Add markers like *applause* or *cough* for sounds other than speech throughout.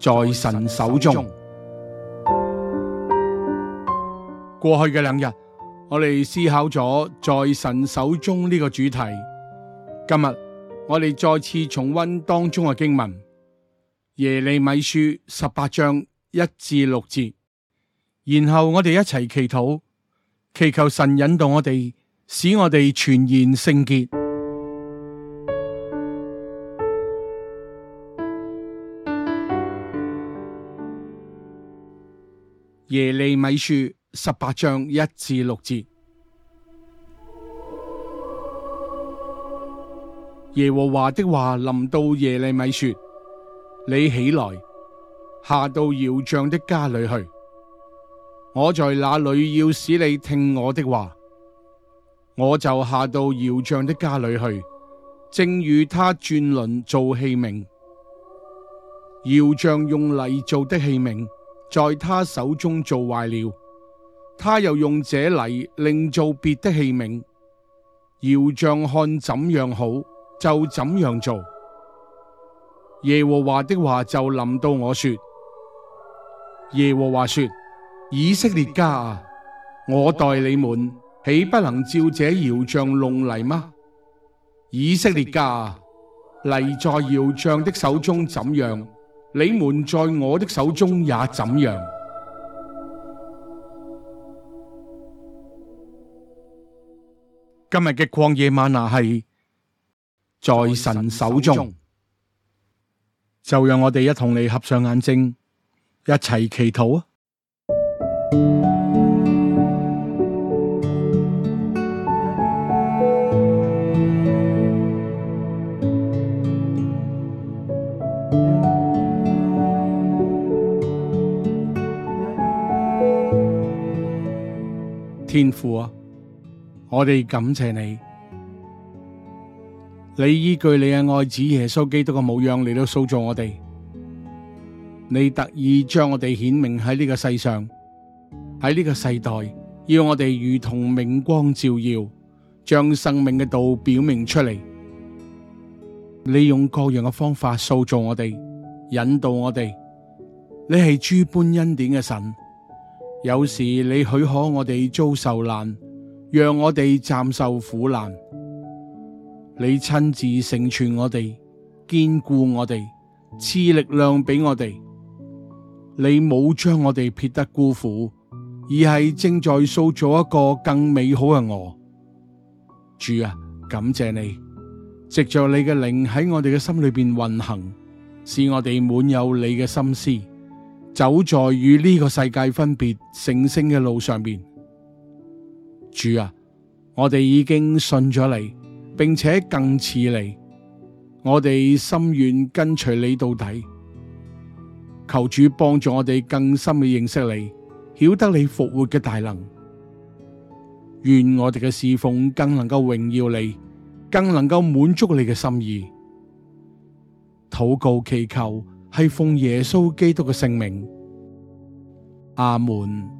在神手中。過去嘅兩日，我哋思考咗在神手中呢個主題。今日我哋再次重溫當中嘅經文《耶利米書》十八章一至六節，然後我哋一齊祈禱，祈求神引導我哋，使我哋全然聖潔。耶利米書十八章一至六節，耶和華的話臨到耶利米說：你起來，下到窯匠的家裏去，我在那裏要使你聽我的話，我就下到窯匠的家裏去，正與他轉輪做器皿，窯匠用泥做的器皿。在他手中做壞了，他又用這泥另做別的器皿，窯匠看怎樣好就怎樣做。耶和華的話就臨到我說：耶和華說，以色列家啊，我待你們豈不能照這窯匠弄泥嗎？以色列家啊，泥在窯匠的手中怎樣？你們在我的手中也怎樣？今日嘅曠野嗎哪係在神手中，中就讓我哋一同你合上眼睛，一齊祈禱啊！ *music* 天父啊，我哋感謝你，你依據你嘅愛子耶穌基督嘅模樣嚟到塑造我哋，你特意將我哋顯明喺呢個世上，喺呢個世代，要我哋如同明光照耀，將生命嘅道表明出嚟。你用各樣嘅方法塑造我哋，引導我哋，你係諸般恩典嘅神。有時你許可我哋遭受難，讓我哋暫受苦難，你親自成全我哋，堅固我哋，賜力量俾我哋。你冇將我哋撇得孤苦，而係正在塑造一個更美好嘅我。主啊，感謝你，藉着你嘅靈喺我哋嘅心裏邊運行，使我哋滿有你嘅心思。走在與呢個世界分別成聖嘅路上邊，主啊，我哋已經信咗你，並且更似你，我哋心願跟隨你到底。求主幫助我哋更深嘅認識你，曉得你復活嘅大能。願我哋嘅侍奉更能夠榮耀你，更能夠滿足你嘅心意。禱告祈求。係奉耶穌基督嘅聖名，阿門。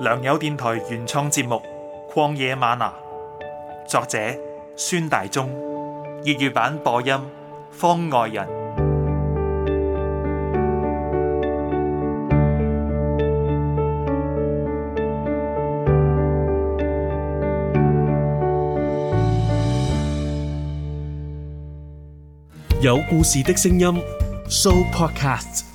良友電台原創節目《曠野嗎哪》，作者孫大中，粵語版播音方外人，有故事的聲音 show podcast。